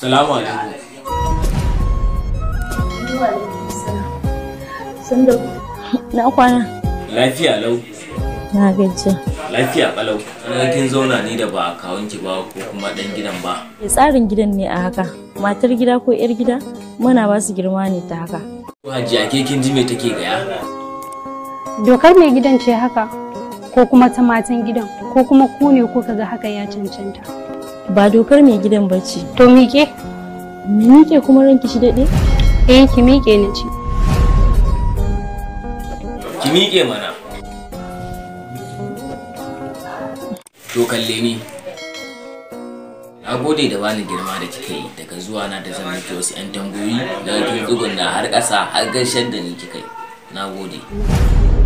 salamu alaikum na kwana lafiya lau na gaji lafiya ana kin zauna ni da ba kawunki ba ko kuma ɗan gidan ba tsarin gidan ne a haka matar gida ko yar gida muna ba su girma ne ta haka hajiya ke kin ji me take gaya dokar mai gidan ce haka ko kuma ta matan gidan ko kuma ku ne ko ga haka ya cancanta ba dokar mai gidan bacci. to miƙe miƙe kuma ranki shi daɗe eh ki miƙe ni ci. ki miƙe mana to kalle ni na gode da bani girma da kika yi daga zuwa na da zama ki wasu 'yan tambayoyi da kin tsugunna har ƙasa har gaishar da ni kika yi na gode